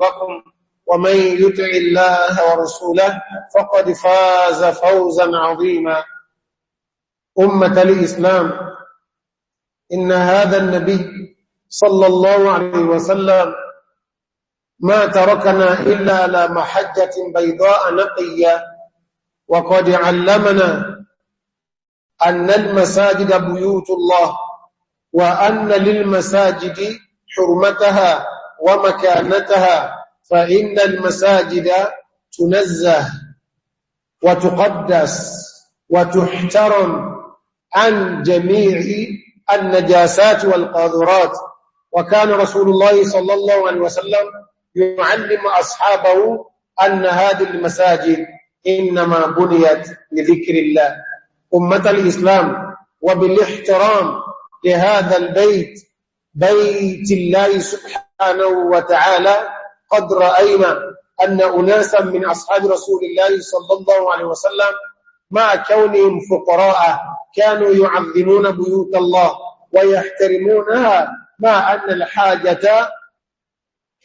ربكم ومن يطع الله ورسوله فقد فاز فوزا عظيما أمة الإسلام إن هذا النبي صلى الله عليه وسلم ما تركنا إلا على محجة بيضاء نقية وقد علمنا أن المساجد بيوت الله وأن للمساجد حرمتها ومكانتها فإن المساجد تنزه وتقدس وتحترم عن جميع النجاسات والقاذورات وكان رسول الله صلى الله عليه وسلم يعلم أصحابه أن هذه المساجد إنما بنيت لذكر الله أمة الإسلام وبالاحترام لهذا البيت بيت الله سبحانه وتعالى قد رأينا أن أناسا من أصحاب رسول الله صلى الله عليه وسلم مع كونهم فقراء كانوا يعظمون بيوت الله ويحترمونها مع أن الحاجة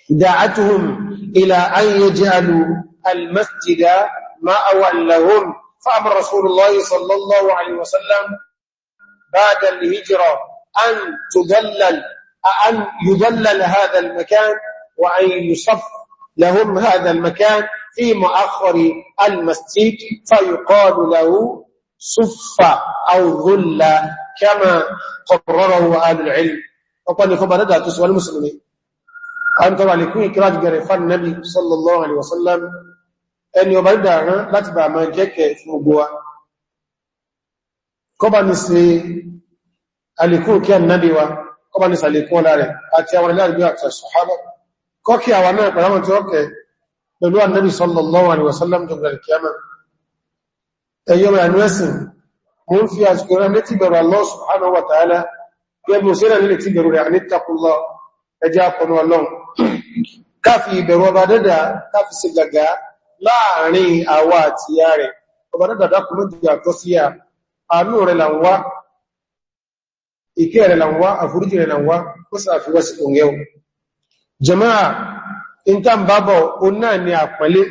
دعتهم إلى أن يجعلوا المسجد أول لهم فأمر رسول الله صلى الله عليه وسلم بعد الهجرة أن تذلل أن يذلل هذا المكان وأن يصف لهم هذا المكان في مؤخر المسجد فيقال له صفة أو ظلة كما قرره أهل العلم وقال لكم أنا دعتس والمسلمين أن طبعا لكم إكراج قريفة النبي صلى الله عليه وسلم أن يبدأ لتبع ما جاك في مبوا كما نسي أن يكون كان نبي وقال ọba ní sàlẹ̀kún ọlá rẹ̀ àti àwọn ilé àrígbé àti ṣọ̀hábọ̀ kọ́kí àwọn náà pẹ̀lú àwọn tí ó kẹ pẹ̀lú Ànábì sallallahu alaihi wasallam jọ gbẹ̀rẹ̀ kíyàmà ẹ̀yọ́ mẹ́rin ẹ̀sìn mo ń fi àsìkò rẹ̀ káfí ìbẹ̀rù ọba dẹ́dà káfí sí gàgá láàrin àwa àti ìyá rẹ̀ ọba dẹ́dà dákùnmọ́ àtọ́síyà àánú rẹ̀ là ìkẹ́ rẹ̀ lànwá àforíjì rẹ̀ lànwá ó sàfíwá sí òǹgẹ́wò jama'a intambabo o náà ni àpẹẹlé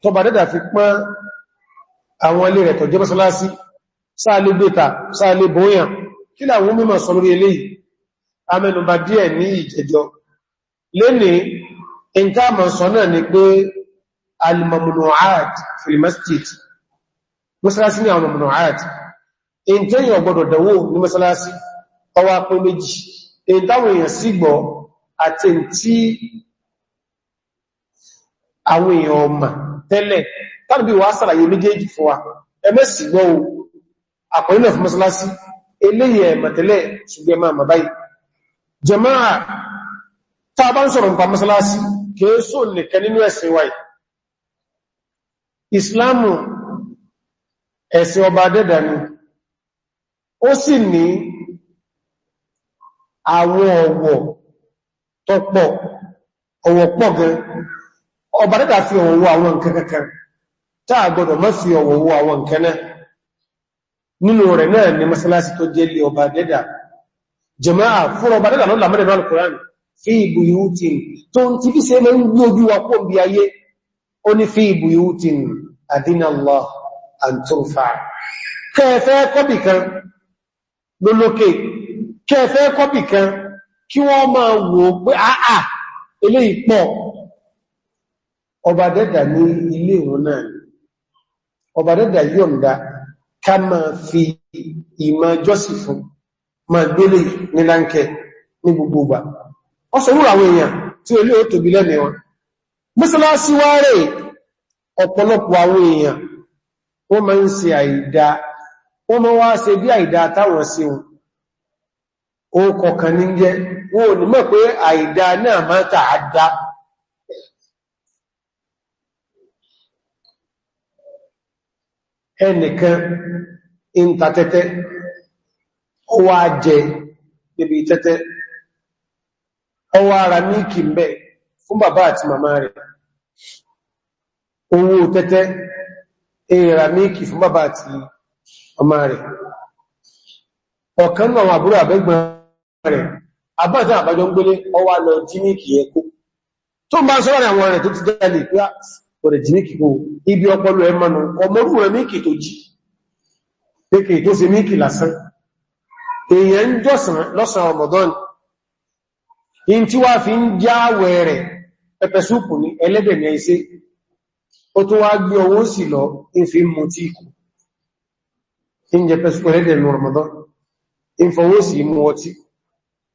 tó bá dẹ́dà fi pán àwọn ilé rẹ̀ tọ̀jẹ́ mọ́sálásí sáàlé kila sáàlé bóyàn kí làwọn mímọ̀ sọ lórí eléyìí amẹnubà díẹ̀ ní ìjẹjọ lẹ́ni intambọ̀ sọ náà ni pé al-mamnu'at fil masjid mọ́sálásí ni àwọn mamnu'at ọwá pé méjì èyí táwọn èèyàn sì gbọ́ àti tí àwọn èèyàn ọmọ tẹ́lẹ̀ tàbí wà sàràyè méjèèjì fún wa ẹmẹ́ sì gbọ́ o àpọ̀lẹ̀ fún mọ́sálásí eléyìí ẹ̀mọ̀ tẹ́lẹ̀ ṣùgbẹ́ máa mọ̀ báyìí jàmáà tá ìsìláàmù ẹ̀sìn ọba adẹ́dà ni ó sì ní àwọn ọ̀wọ̀ tó pọ̀ ọ̀wọ̀ pọ̀ gan ọba dẹ́dà fi ọ̀wọ̀ wo àwọn nǹkan kankan táà gbọdọ̀ má fi ọ̀wọ̀ wo àwọn nǹkan náà nínú rẹ̀ náà ni masalasi tó jẹ́ lé ọba dẹ́dà jẹmáà fún ọba dẹ́dà lọ́la mẹ́rin náà kùrán fi ìbù yúútin tó kẹfẹ́ kọ́pì kan kí wọ́n ma wò pé àà ilé ìpọ̀ ọba dẹ́dà ní ilé ìrún náà ọba dẹ́dà yọ̀ǹda ká ma fi ìmọ̀ jọ́sì fún gbélé ní láńkẹ ní gbogbo ọ sọ rúra àwọn èèyàn tí tóbi wọ́n máa ń àìdá wọ́n máa wá bí àìdá oókọ̀ kan ní jẹ́ wọn ò ní mọ̀ pé àìdá náà máa tààdá ẹnìkan in tẹ́tẹ́ ó wá jẹ níbi tẹ́tẹ́ ó wá ara ní kì ń bẹ̀ fún bàbá àti màmá rẹ̀ owó tẹ́tẹ́ èèrà ní fún bàbá àti màmá rẹ̀ ọ̀kan náà àbúrò àbẹ́gbọ́n rẹ̀ àbájá àbájọ ń gbélé ọwá lọ jíníkì ẹkó tó ń bá sọ́rọ̀ àwọn rẹ̀ tó ti jẹ́lẹ̀ pé ọ̀rẹ̀ jíníkì kó ibi ọpọlọ ẹ mọ́nu ọmọrú rẹ̀ míkì tó jí pékè tó se míkì lásán èèyàn ń jọ́sàn lọ́sàn ọmọdán in tí wá mú ọtí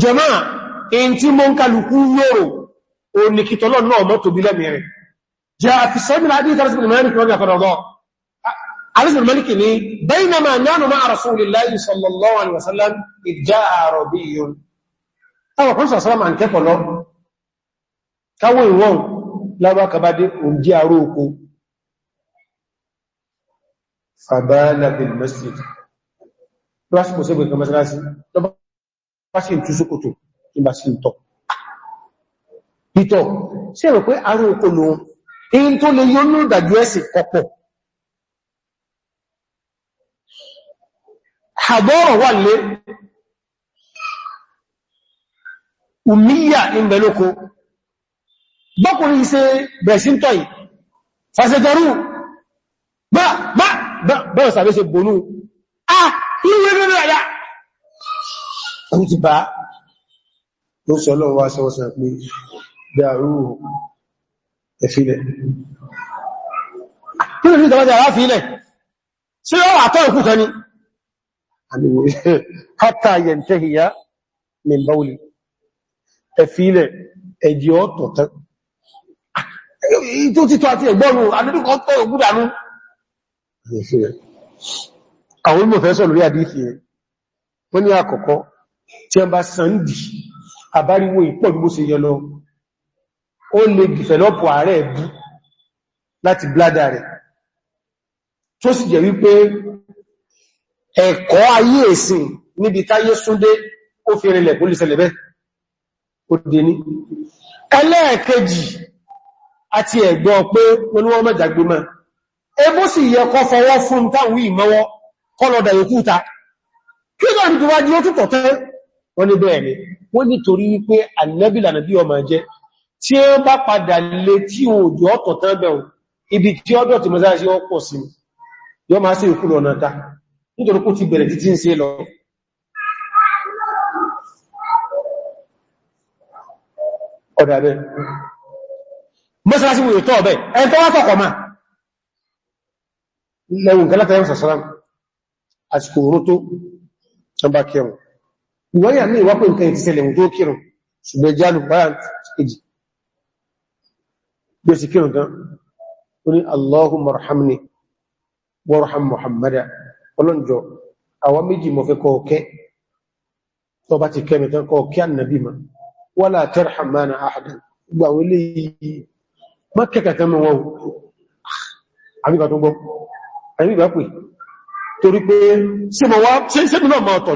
jẹmọ́ in tí mọ́ ń kálukú yóò o ní kí tọ́lọ́ náà mọ́ tóbi lẹ́mìírẹ̀ jẹ́ àfisẹ́bìnà àdíjẹ́ alẹ́sìnà mẹ́rin kìrọ́gbà fẹ́rọ̀dọ́ alẹ́sìnà mẹ́rin kì ní bẹ́ẹ̀nàmà nánà máa rasulillahi sallallahu alaihi wasallam ìjá àrọ̀bíyàn táwọn kan sàṣọ́lá ń kẹ́kọ̀ọ́ lọ káwọn ìwọ̀n lábá kabadé òǹjí àrò oko fàbálà bil masjid lọ́sìkò básí túsókòtò kí bá sí ìtọ̀. ìtọ̀ sí ẹ̀rọ pé arú oko lòun in tó lè yóò ní ìdàjú ẹ̀sì kọpọ̀ àbọ́rọ̀ wà lé umíyà ìbẹ̀lóko bọ́kùnrin ṣe bẹ̀síntọ̀ yìí fàṣẹ̀gẹ̀rú bá bá bá bẹ́rẹ̀ sàbẹ́sẹ̀ bònú ah ẹ̀rù ti bá ló sọ lọ́wọ́ wá sọ́wọ́sàn pé dàrú ẹ̀fílẹ̀ kí ló ní ìtọ́wọ́dẹ̀ aláfílẹ̀ sí ó wà tọ́ ìkúkọ ni hátà yẹntẹ́hìyà mẹ́báwọlì ẹ̀fílẹ̀ ẹ̀dì ọ̀tọ̀ tán tó títọ́ àti ẹ̀gbọ́nù adúdúkọ́ tọ́ ògúdànú àwọn olùmọ̀fẹ́ sọ lórí àdífì wọ́n ní àkọ́kọ́ tí a bá sàndì àbáríwò ìpọ̀ bí bó ṣe yẹ lọ ó lè dìfẹ̀lọ́pù ààrẹ ẹ̀bú láti bládà rẹ̀ tó sì jẹ́ wípé ẹ̀kọ́ ayé ẹ̀sìn níbi táyé súndé ó fi rinlẹ̀ kó lè ṣẹlẹ̀ bẹ́ ó dé ní ẹlẹ́ẹ̀kejì àti ẹ̀gbọ́ pé wọn mẹ́jàgbé mọ́ ebó sì yẹ kọ́ fọwọ́ fún táwọn ìmọ́wọ́ kọ́lọ̀dà yòkúta kí lọ́nà tó ó tútọ̀ wọ́n ní bẹ́ẹ̀ ni wọ́n nítorí wípé ànẹ́bìlà nàbí ọmọ jẹ́ tí ó bá padà lé tí òjò ọ̀tọ̀ tán bẹ̀rùn ibi tí ọdọ̀ tí mọ́sá sí ọpọ̀ sí yọ máa sí ìkúrò ọ̀nà ta nítorí kó ti bẹ̀rẹ̀ títí ń ṣe lọ ọ̀dàbẹ̀ mọ́sá sí wòye tọ́ ọ̀bẹ̀ ẹn tó wá tọ̀kọ̀ máa lẹ́wùn gẹ́lẹ́tẹ̀ẹ́ ìwọ́yà ní ìwọ́pẹ̀ nǹkan ti ṣẹlẹ̀ tó kírùn ṣùgbọ́n jálù báyà kejì bí ó sì kírùn tán ó ní Allahumma rahamni warham Muhammada ọlọ́njọ́ àwọn méjì mọ̀ fẹ́ kọ́ọ̀kẹ́ tó bá ti kẹ́mi tán kọ́ọ̀kẹ́ annabi ma wala tarham mana ahadan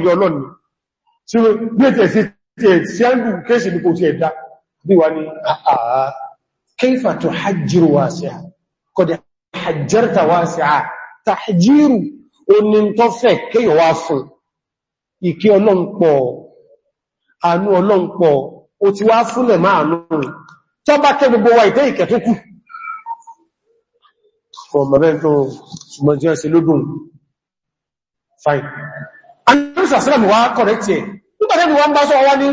gbà tí ó gbé tẹ̀ sí tẹ̀ sí àndù kéèsì ní kò tí ẹ̀dá bí wà ní àà kéfà tó hajjiru wá sí à kọ́dẹ̀ hajjarta wá sí à o oní tó fẹ́ kéyọ wá fún ìkí ọlọ́npọ̀ àánú ọlọ́npọ̀ ó ti wá fúnlẹ̀ máa nù tó bá kẹ́ gbogbo wa ìtẹ́ ìkẹ́ tó kù ọmọ mẹ́rin tó ṣùgbọ́n jẹ́ àníbìsàsílẹ̀mù wá kọ̀rẹ́tì ẹ̀ nígbàtẹ́bì wọ́n bá sọ ọwá ní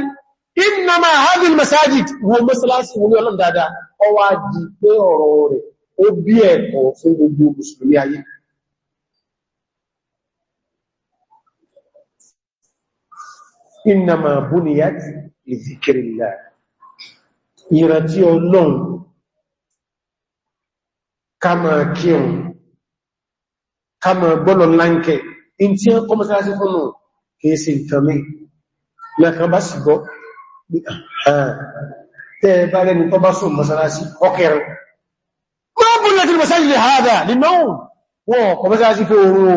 innama hadhihi masajid wo mọ́sálásí wo ní ọlọ́n dáadáa ọwá di pé ọ̀rọ̀ rẹ̀ ó bí ẹ̀kọ́ fún gbogbo mùsùlùmí ayé innama buniyat li dhikrillah ìrántí ọlọ́run ká máa kírun ká máa gbọ́lọ̀ láńkẹ̀ in tí ó kọ́ mọ́sálásí fún náà kìí sí nǹkan mí lẹ́kan bá sì gbọ́ ah, tẹ́ bá lẹ́nu tó bá sùn mọ́sánásí ọkẹrẹ máa bú lẹ́tí mọ́sánásí lè hádà nínú wọ́n ọkọ̀ mọ́sánásí fẹ́ oòrùn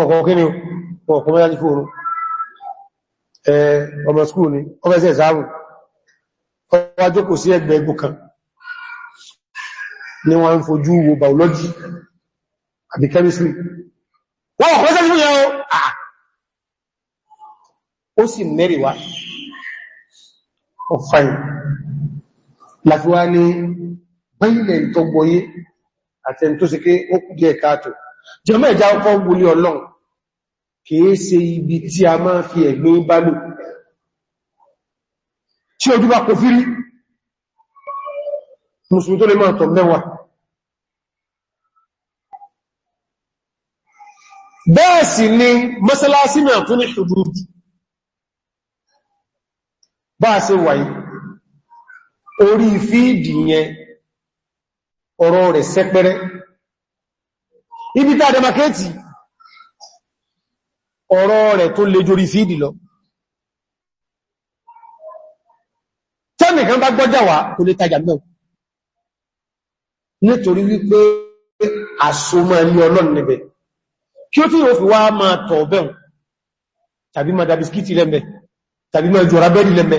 ọkọ̀ kíni ọkọ̀ mọ́sánásí fẹ́ oòrùn ọmọ skúù ni ọmọsẹ̀ ìsáàrùn ọwọ́ ajókòó sí ẹgbẹ̀ ẹgbù ó sì mẹ́rin wá ọ̀fàyìn láti wá ní bẹ́ilẹ̀ tó gbọ́yé àti ẹni tó sì ké ó kù díẹ̀ káàtò jẹmọ́ ẹ̀já ọkọ̀ wulé ọlọ́run kìí ṣe ibi tí a máa fi ẹ̀gbẹ́ bá lò tí ojú bá kò fírí mùsùlùmí tó lè máa tọ̀ mẹ́wàá bẹ́ẹ̀ sì ni mọ́sálásí náà bá a ṣe wáyé orí fíìdì yẹn ọ̀rọ̀ rẹ̀ sẹ́pẹ́rẹ́ ibi tàà dẹmakéètì ọ̀rọ̀ rẹ̀ tó lè jórí fíìdì lọ tẹ́nìkan bá gbọ́jà wá kò lè tajà náà nítorí wípé àsomọ́ ilé ọlọ́n níbẹ̀ kí ó tí ó fi wá máa tọ̀ bẹ́ẹ̀ tàbí máa dàbí skìtì lẹ́mẹ́ tàbí máa jọra bẹ́ẹ̀dì lẹ́mẹ́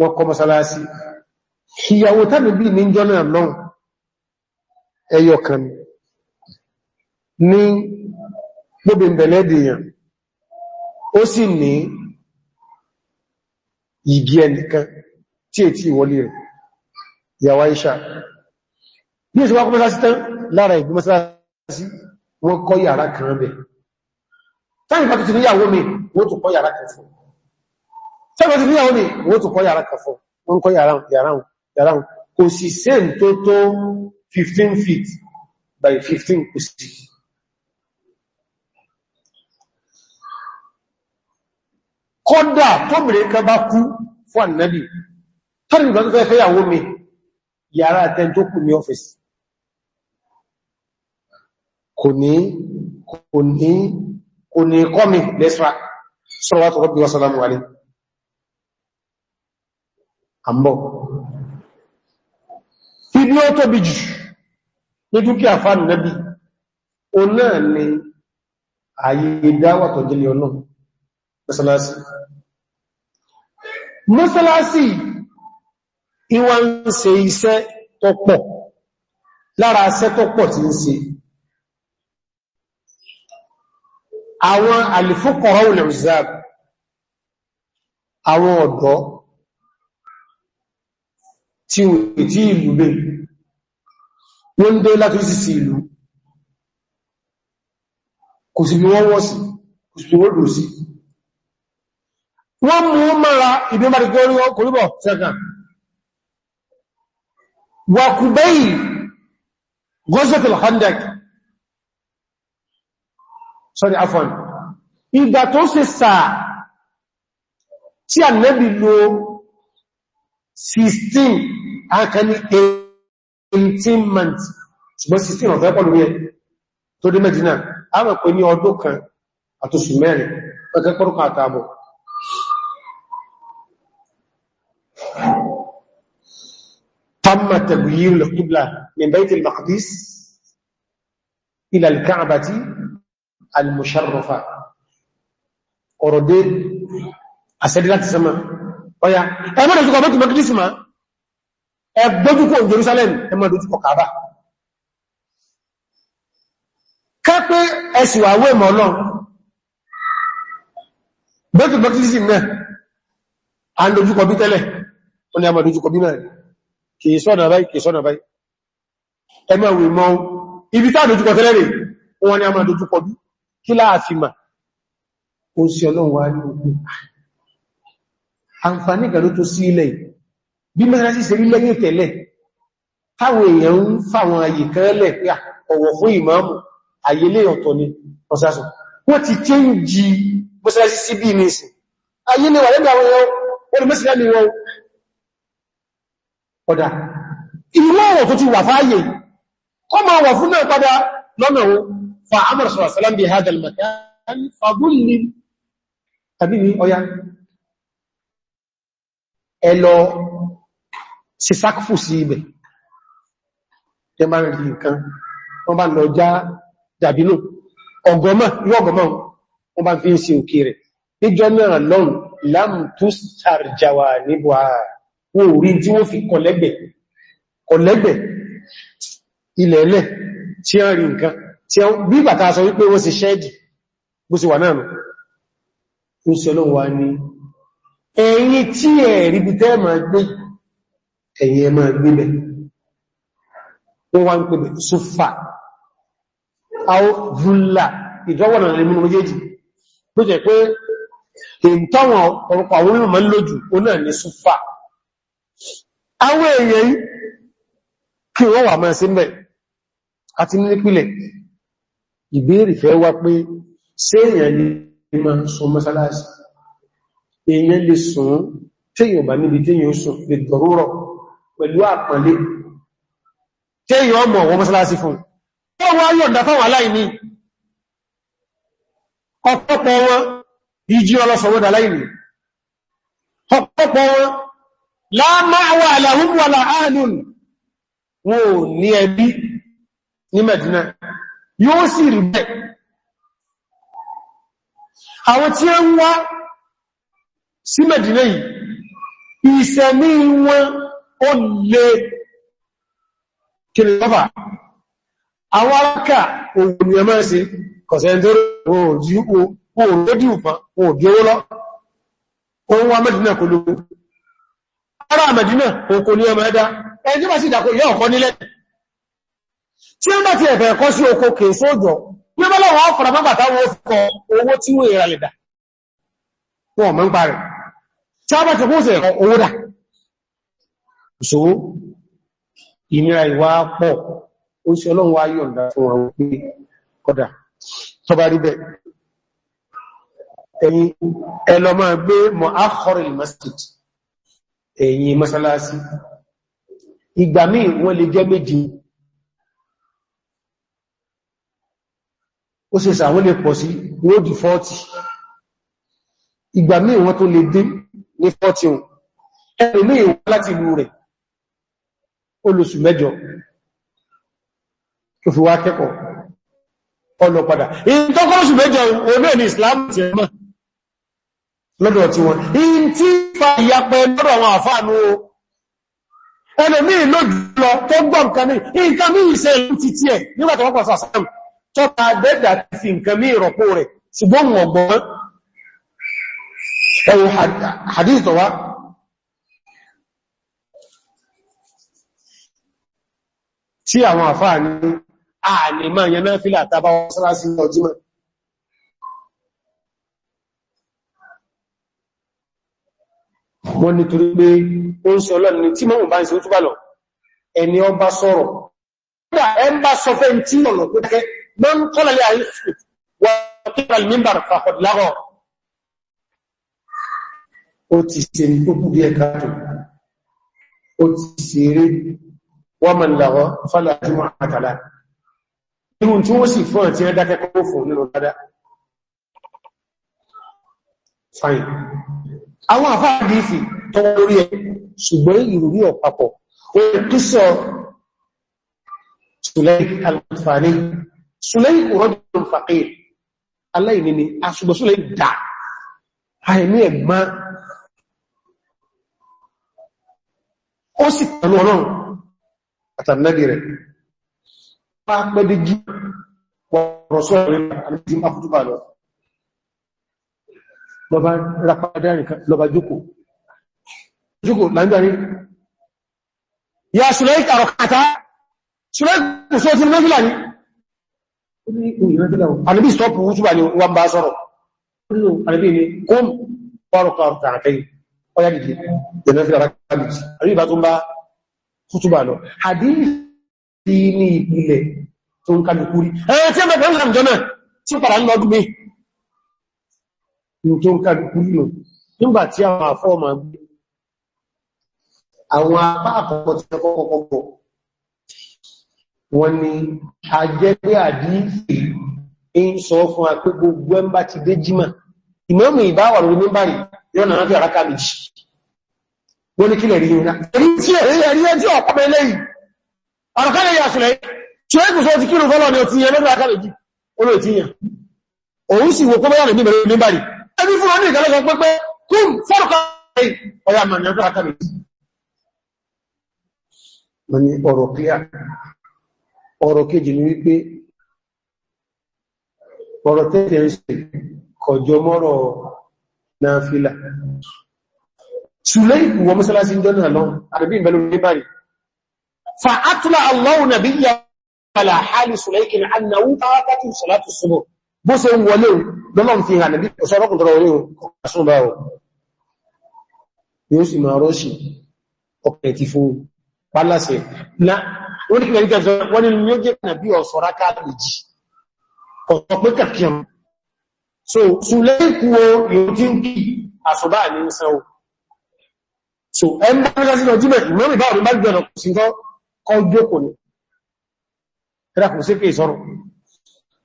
wọ́n kọ mọ́sálásí ìyàwó tàbí bí ní jọ́nà náà ẹyọ kan ní gbóbi ìbẹ̀lẹ̀ dìyàn ó sì ní ìgbì ẹnìkan tí è tí ìwọlé rẹ̀ ìyàwó Aisha bí i ṣe wá mọ́sálásí tán lára ìgbì mọ́sálásí wọ́n kọ́ yàrá kan bẹ̀ táyìnbá níyàwó mi wọ́n tó kọ́ yàrá kan fún tọ́bọ̀ ti níyàwó ní wọ́n tó kọ́ yàrá kan fún wọ́n kọ́ yàrá kò sì sẹ́n tó tó 15 feet by 15 kò sí kọ́dà tó bèèrè kan bá kú fún ànàbì tọ́rì ìgbà tó fẹ́ fẹ́ yàwó mi yàrá àtẹ́ tó kù ní ọ́fẹ́sì kò ní kò ní kò ní kọ́ mi lẹ́sra sọ́rọ̀wà tó rọ́bí wọ́sánàmù alayhi àmbọ̀. Ibi ó tóbi jù ní dúkìá fánù nẹ́bí, o náà ni ààyè ìdáwà tó jẹ́ lẹ́ọ̀nà, mọ́sálásí. Mọ́sálásí ìwà ń ṣe iṣẹ́ tó pọ̀, lára iṣẹ́ tó pọ̀ ti ń ṣe. Àwọn àlìfúkọ̀ọ́ àwọn ọ̀dọ́ tí ò tí ìlú lè wọ́n dé láti sí ìlú kò sí bí wọ́n wọ́ sí kò sí wọ́n dò sí wọ́n mú mara ìbí mara gẹ́rí kòríbọ̀ sẹ́kà wà kù bẹ́yì gọ́sẹ̀kìl handak sorry afon ìgbà tó sì sáà tí ànẹ́bì lo 16 akẹni 18 months ṣùgbọ́n 16 ọ̀fẹ́ pọ̀lú yẹ tó dé Medina a mọ̀ pé ní ọdún kan àtòsù mẹ́rin pẹ́kẹ́ pọ́rùkà àtàbọ̀ تم تغيير القبلة من بيت المقدس إلى الكعبة المشرفة أردد أسأل الله تسمى ọya ẹmọ́ dojúkọ bẹ́tù mẹ́kìdísì ma ẹ dojúkọ Jerusalem ẹmọ́ dojúkọ Kaaba kápẹ́ ẹsùwà awé mọ̀ lọ bẹ́tù mẹ́kìdísì náà a ń dojúkọ bí tẹ́lẹ̀ ó ní a máa dojúkọ bí náà kìí sọ́nà báyìí kìí sọ́nà báyìí ẹmọ́ ìwé mọ́ ibi tá dojúkọ tẹ́lẹ̀ rẹ̀ wọ́n ní a máa dojúkọ bí kí láàfin mà ó sí ọlọ́run wá ní ogun àǹfàní ìgbàlú tó sí ilẹ̀ bí mẹ́rin sí serí lẹ́yìn tẹ̀lẹ̀ táwọn èèyàn ń fàwọn ayè kan lẹ̀ pé ọ̀wọ̀ fún ìmáàmù ayélé ọ̀tọ̀ ni ọ̀sásùn wọ́n ti chéńjì mọ́sálásí sí bí ní ìsìn ayélé wà lẹ́gbẹ̀ àwọn ẹ̀yọ́ wọ́n ni mẹ́sìlá ni wọ́n ọ̀dá ilé bi hadha makan fa dhulli tàbí ni ọya ẹlọ sí sákfù sí ibẹ̀ tẹ bá rẹ̀ nǹkan wọ́n bá lọ já dàbínú ọgọ́mọ̀ yóò ọgọ́mọ̀ wọ́n bá fi ń se òkè rẹ̀ níjọ́ náà lọ́n lámtústar jàwà níbò àwọn orí tí wọ́n fi kọ̀lẹ́gbẹ̀ kọ̀lẹ́gbẹ̀ ilẹ̀ẹ́lẹ̀ tí a rí nǹkan tí a bí bàtà sọ wípé wọ́n sì ṣẹ́ẹ̀dì bó sì wà náà nù ẹ̀yin tí ẹ̀ ríbi tẹ́ ma gbé ẹ̀yin ẹ ma gbébẹ̀ wọ́n wá ń pè bẹ̀ sófà áó vúlà ìdọ́wọ̀nà ìmúnú méjèèjì ló jẹ́ pé ìntọ́wọ̀n ọ̀pọ̀ àwọn olùmọ̀ lójú ó náà ní sófà àwọn èèyàn kí wọ́n èèyàn lè sùn téèyàn bá níbi téèyàn sùn lè dọ̀rọ̀rọ̀ pẹ̀lú àpọ̀lé téèyàn ọmọ wọn mọ́sálásí fún ọwọ́ ayọ̀dá fáwọn aláìní ọ̀pọ̀pọ̀ wọn ìjí ọlọ́sọ̀wọ́dà aláìní ọ̀pọ̀pọ̀ wọn láàmáwà àlàhúnwàlà ààlùn yóò sì rí bẹ́ẹ̀ àwọn tí ó ń wá sí Mẹ̀dínà yìí ìṣẹ̀mí wọn ó lè kìrì lọ́fà àwọn alákà òun ni ẹmọ́ sí kọ̀sẹ̀ndẹ̀rẹ̀ òun lódí ùfán òun bí lọ ohun wa Mẹ̀dínà kò ara Mẹ̀dínà òun kò ní ọmọ ẹ̀dá ẹni bá sì dàkó ìyá oko kèé sóòjọ́ bí ó bá lọ́wọ́ ọkọ̀rọ̀ mọ́gbàtà wọn ó fi kọ owó tí wọ́n ìrànlẹ̀dà wọn mọ́ ń parẹ̀ sábà tẹ̀kún sí ẹ̀kọ́ owó dà so ìnira ìwà pọ̀ ó sí ọlọ́run wá yọ̀ǹda fún àwọn pé kọ́dà tó bá rí bẹ̀ ẹ̀yin ẹlọ máa gbé mọ̀ ákọrọ̀ masjid ẹ̀yin masalasi ìgbà míì wọ́n lè jẹ́ méjì ó sì sàwọn lè pọ̀ sí wó di 40 ìgbà míì wọ́n tó lè dín ní 14 ẹni ní ìwọ láti ìlú rẹ̀ olùsù mẹ́jọ tó fi wá kẹ́kọ̀ọ́ ọlọ padà in tó kọ́ oṣù mẹ́jọ oní ẹni Islam ti ẹmọ́ lọ́dọ̀ tí wọn in tí fa ìyapẹ lọ́dọ̀ àwọn àfáànú ẹlòmí lójú lọ tó gbọ́ nǹkan ní nǹkan mí ìṣẹ́ ìlú ti tí ẹ̀ nígbàtàwọ́pọ̀ sàṣẹ́ tọ́ta dẹ́dà ti fi ẹwọ hadith wa tí àwọn àfáà ní ààlè máa yẹn náà fílà tàbá wọ́n sára sí ọjímọ̀ wọ́n nítorí pé ó ń sọ lọ́nà tí mọ́mù bá ń ṣe ó túbà lọ ẹni ọ bá sọ̀rọ̀ kódà bá sọ fẹ́ tí lọ̀nà pé ó ti ṣe tó kú díẹ̀ káàtò ó ti ṣe eré wọ́n mọ̀ lọ́wọ́ fọ́lá jùmọ̀ àtàlá irun tí wọ́n sì fún àti ẹ́dákẹ́kọ́ fún nínú dada fine àwọn àfáàdì ìfì tọwọ́ lórí ẹ̀ ṣùgbọ́n ìrùrí ọ̀papọ̀ orin tó sọ sùlẹ́ì alfàní sùlẹ́ì rọ́dùn fàkír aláìní ni a ṣùgbọ́n sùlẹ́ì dà àìní ẹ̀gbọ́n ó sì pẹ̀lú ọlọ́run àtàlẹ́bì rẹ̀ bá pẹ́dé jí wọ̀rọ̀sọ́ rẹ̀ àti máa fútúbà lọ lọba rapadà nìkan lọba jókòó jókòó láńgbàrí ya ṣùlẹ́ìk àrọ̀kátá ṣùlẹ́ìk kùsọ́ ti mẹ́fìlà ní àníbí stọ́pù fútúbà ni wọ́n bá sọ́rọ̀ ìrẹ́fẹ́ àrákà méjì àríwá tó ń bá kútùbà lọ àdíyìí ní ìpìlẹ̀ tó ń kàlùkú rí ẹ̀yẹ tí ẹmẹ́ fẹ́ràn jọmẹ́ tí padà ń lọ́dún mi ní tó ń kàlùkú rí lọ nígbà tí àwọn àfọ́ọ̀mà gbé àwọn apá àkọ́kọ́ tí ẹkọ́kọ́kọ́ wọ́n ni a jẹ́ pé àdíyìí ń sọ fún apé gbogbo ẹmbá ti dé jímà ìmọ́mù ìbáwà lórí mímbàrí yọ́nà ráfẹ́ àrákà méjì wọ́n ní kílẹ̀ rí ìrìnà èrí tí ẹ̀rí ẹjí ọ̀pọ̀ mẹ́lẹ̀ yìí àrùkálẹ̀ yà ṣùlẹ̀ tí ó kùsọ́ ti kírù ni ó ti yẹ lọ́dún akálẹ̀ jù olóò ti yàn òun sì wò kọ́bọ́yà rẹ̀ níbẹ̀rẹ̀ níbàrí ẹbí fún ọdún ìgbàlẹ̀ ọ̀rọ̀ kejì ni wípé ọ̀rọ̀ tẹ́lẹ̀ ń ṣe kọjọ mọ́rọ̀ náà fílà Sùlẹ́ìkù wọ mọ́sálásí jọ́nà lọ, àrẹ̀bí ìbẹ̀lú níbàrí. Fa átùlá Allahu nàbí yà wàlà hálì Sùlẹ́ìkì ní annáwú tàwátàtù sọ̀látù sọ̀rọ̀. Bó ṣe ń wọlé lọ́lọ́m fi hàn nàbí ọ̀sọ́rọ̀kùn tọrọ orí ọ̀sán bá So, Sùlẹ́ìkù wo yóò ti ń kí àṣùbá ní sanwó so ẹn bá ń lásìlọ jíbẹ̀ mẹ́rin bá àwọn ìbájú ọ̀nà sí kọ́ ọjọ́kò ní ẹ̀dàkù sí pé ìsọ̀rọ̀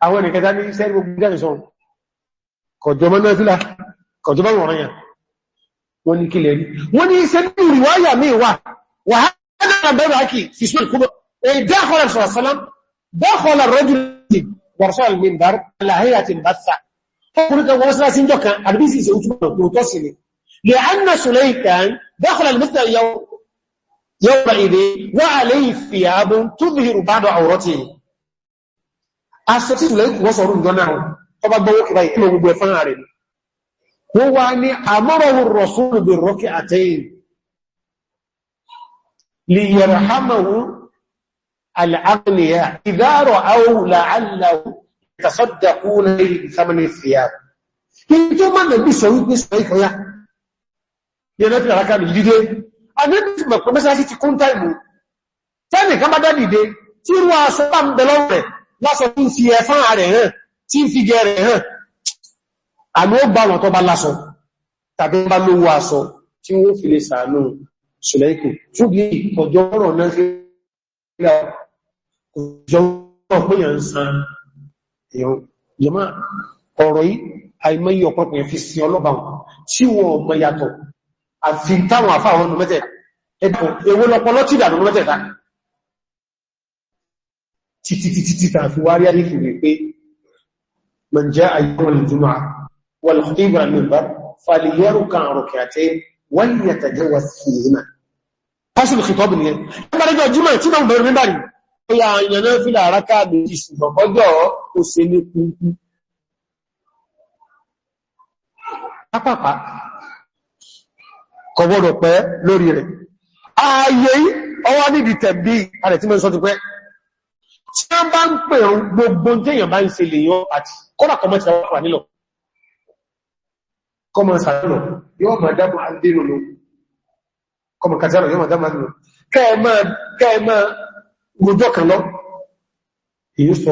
àwọn ẹnìkẹta ní iṣẹ́ gbogbo jáde sọ̀rọ̀ kọjọ́ mọ́ náà fílà kọjọ́ bá wọ̀n rẹ̀yàn wọ́n ní kílẹ̀ rí wọ́n ní iṣẹ́ ní ìrìwáyà mi wà wàhálà bẹ́rẹ̀ ákì fi sún ìkúbọ̀ ìdáhọ́lá sọ̀rọ̀sọ́lám dáhọ́lá rọ́jú wọ̀rọ̀sọ́lá mi bá láhíyà ti bá sá ọkùnrin kan wọ́n sára sí jọ kan àdúgbìsì ìṣẹ́ òtúbọ̀ tó tọ́sí ni lè án na sùlẹ̀ دخل المثل اليوم يومئذ وعليه ثياب تظهر بعض عورته asọ́tí ìlẹ̀ ìkùn wọ́sọ̀ orúgbọ́n náà tó bá gbọ́wọ́ kìbá ìlò gbogbo ẹ̀fán rẹ̀ wọ́n wá ní àmọ́rọ̀wò rọ̀súnù bí rọ́kì àtẹ́yìn lè yẹ̀rọ̀ hamahu al'agniya ìdárọ̀ aúlà aláwọ̀ tasọ́dàkú lẹ́yìn yẹnà tí àrákà lè dídé anẹ́bìsìmọ̀ pẹ̀lú mẹ́sàásí ti kún táìmù tẹ́nì kan bá dádìde tí rú aṣọ bá ń bẹ̀lọ́ rẹ̀ lásọ tí ń fi ẹ̀fán rẹ̀ hàn tí ń fi gẹ rẹ̀ hàn àmì ó bá wọn tó bá lásọ tàbí bá lówó aṣọ tí wọ́n fi lè sàánú sùlẹ́kù túbí ọjọ́ ọ̀rọ̀ náà fi rẹ̀ ọjọ́ ọ̀pẹ̀yàn àti táwọn àfá àwọn ọmọdé ẹ̀bùn ewó lọpọlọ tí ìdànà ọmọdé ta títítítí ta fi wárí àrífì rẹ̀ pé man jẹ́ ayyọ́wọ̀n ìjúmọ̀ wal khutba minbar fàlìyàrù kan àrùkẹ́ àti wọ́n yẹ tàjẹ́wà sí ìhìnà pásìlì kìtọ́bù ni ẹ kọ̀gbọ́dọ̀ pẹ́ lórí rẹ̀. Ààyè ọwá níbi tẹ̀bí àrẹ̀ tí mọ́ sọ ti pẹ́. Tí a bá ń pè ọ gbogbo jẹ́yàn bá ń ṣe lè yọ àti kọ́nà kọmọ́ ti wà nílọ. Kọmọ sàárọ̀ yóò máa dámà dínú lọ. Kọmọ kàtàrọ̀ yóò máa dámà dínú. Kẹ́ẹ̀mọ́ gbogbo kan lọ. Èyí sọ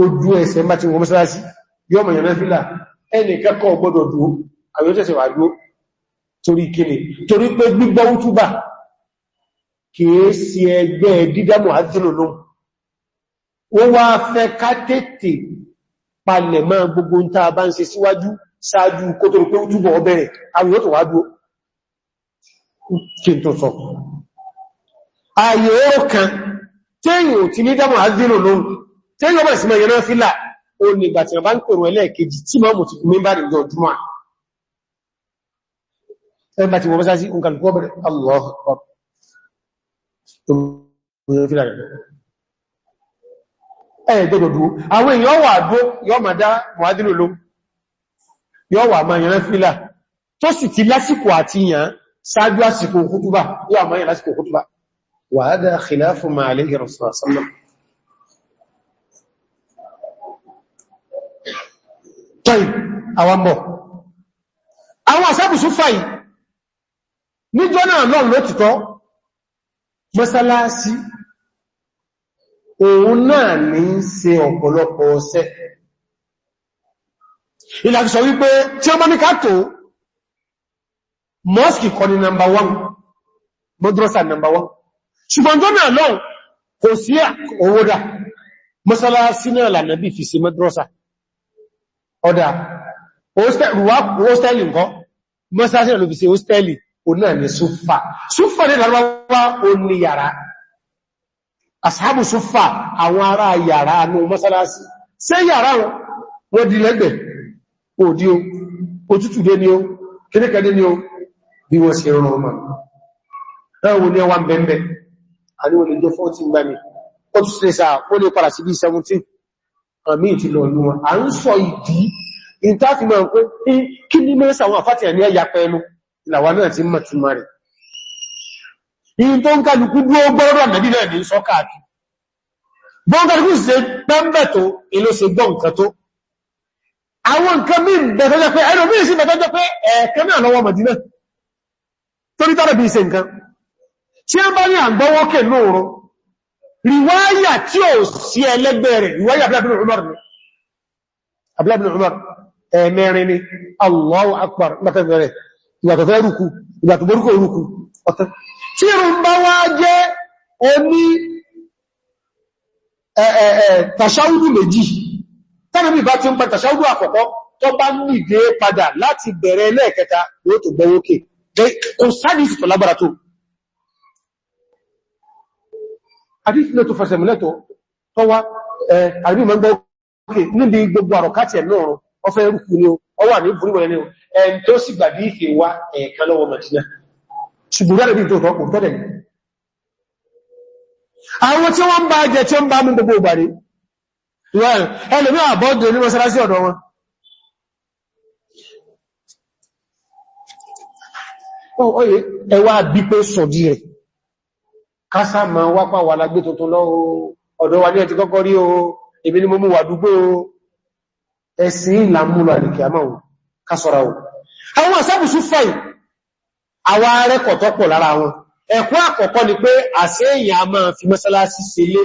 ojú ẹsẹ̀ má ti wọ mọ́sálásí yọ́ mọ̀ yẹ̀mẹ́ fílà ẹni kẹ́kọ̀ọ́ gbọ́dọ̀ dúó àwẹ́tẹ̀sẹ̀ wà dúó torí kíni torí pé gbígbọ́ útúbà kìí sí ẹgbẹ́ dídámọ̀ àtìlónú wọ́n wá fẹ́ ká tètè palẹ̀ mọ́ gbogbo ń tàbá ń ṣe síwájú sáájú kó torí pé útúbọ̀ tí yíò bẹ̀rẹ̀ sí mọ̀ yẹ̀nà fílà o ní ìgbà tí wọ́n bá ń pèrò ẹlẹ́ẹ̀kejì tí mọ́ mú ti kú mímbà ìjọ ọdúnmọ́ ẹgbà tí wọ́n bá sásí nǹkan kó bẹ̀rẹ̀ Allah ṣáájú àsìkò òkútúbà yóò àmáyàn lásìkò òkútúbà wà tọ́ì àwambọ̀. Àwọn àṣẹ́bùsù fàì níjọ́ náà lọ́n ló tìtọ́, mọ́sálásí, òun náà ní ń ṣe ọ̀pọ̀lọpọ̀ ọ̀sẹ̀. Ìlàfi sọ wípé tí ọmọ ní kàtò, mọ́sìkì kọ́ ni nàmbà wán, mọ́dúrọ́sà nàmbà wán. Ṣùgbọ́n tó náà lọ́n kò sí òwúdà, mọ́sálásí náà lànàbí fi sí mọ́dúrọ́sà ọ̀dá hóstẹ́lì nǹkan mọ́sálásí ló fi ṣe hóstẹ́lì oná ní sufa súfà ní lọ́wọ́wọ́ o ní yàrá asáàbù súfà àwọn ará yàrá ní mọ́sálásí ṣe yàrá wọn di lẹ́gbẹ̀ òdí o òtútù dé ní o kíníkẹ́dé ní o bí wọ́n ṣe rọrùn ọmọ ẹwọ ní àmì ìtì lọ ní wọn a ń sọ ìdí ìtàfimọ̀ pé kí ní mẹ́rin sàwọn àfáàtì ẹ̀ní ẹ̀yà pẹ̀lú ìlàwà náà ti mọ̀ túnmà rẹ̀ yìí tó ń kàlùkú dúó gbọ́rọ̀ àmẹ́bí náà ní sọ káàkì bọ́nkàlùkú ṣe pẹ́mbẹ̀ tó ilé ṣe gbọ́ nǹkan tó àwọn bá ní àgbọ́wọ́kẹ̀ lóòrùn riwaya tí ó sí ẹlẹ́gbẹ́ rẹ̀ riwaya abúlábìnrin umar ni abúlábìnrin umar ẹ̀mẹ́rin ni allahu akbar mẹ́tẹ̀rẹ̀ ìgbàtọ̀fẹ́ rúkú ìgbàtọ̀gbórúkú rúkú ọ̀tẹ́ tí rùn bá wá jẹ́ oní tàṣáúdù méjì tánàbí bá ti ń pa tàṣáúdù àkọ́kọ́ tó bá nìdé àdífilé tó fẹsẹ̀ múlẹ́tò tó wá àríbí ma ń gbọ́ òkè níbi gbogbo àrọ̀kátì ẹ̀nà ọ̀rọ̀ ọfẹ́ rúkú ní ó wà ní ìbúrúwẹ̀rẹ̀ ní ẹn tó sì gbàdí ìfẹ́ wá ẹ̀ẹ̀kan lọ́wọ́ Madina ṣùgbọ́n rẹ̀ bí tó tọ́kùn tọ́dẹ̀ àwọn tí wọ́n bá jẹ tí ó ń bá mú gbogbo ìgbàrí ẹlòmí àbọ́dẹ̀ ní mọ́sálásí ọ̀dọ̀ wọn ó yẹ ẹwà bí pé sọ̀dí rẹ̀ kásá ma wápá wà lágbé tuntun lọ o ọ̀dọ̀ wa ní ẹ̀ kọ́kọ́ rí o èmi ni mo mú wà dúgbò o ẹ̀sìn ìlàmúlò àdìkẹ́ àmà o kásọ́ra o àwọn àsábùsù fàì àwọn arẹ́kọ̀ tọ́pọ̀ lára wọn ẹ̀kọ́ àkọ́kọ́ ni pé àṣẹ èèyàn a máa fi mọ́sálásí sílé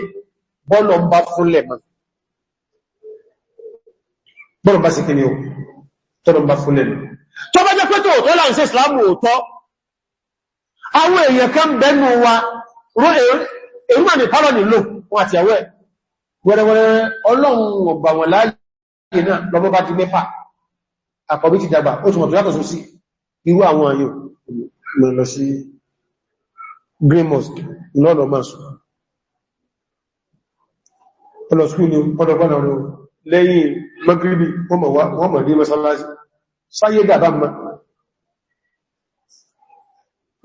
bọ́lọ̀ ń bá fúnlẹ̀ mọ́ bọ́lọ̀ bá sí kí ni o tọ́lọ̀ ń wa èrúmà e, ní pálọ̀ nílò wọn àti àwẹ́ e. wẹ́rẹ́wẹ́rẹ́ ọlọ́run ọgbà wọn láàyè náà lọ́bọ́ bá di mẹ́fà àkọ́bí ti dàgbà ó túnmọ̀ tó yàtọ̀ sí irú àwọn ayò lọ sí green mosque lọ́nà masu ọlọ̀ skúl ni pọ́dọ̀pọ́nà rẹ̀ lẹ́yìn magribi wọ́n mọ̀ ní masalasi sáyé dàbá mọ́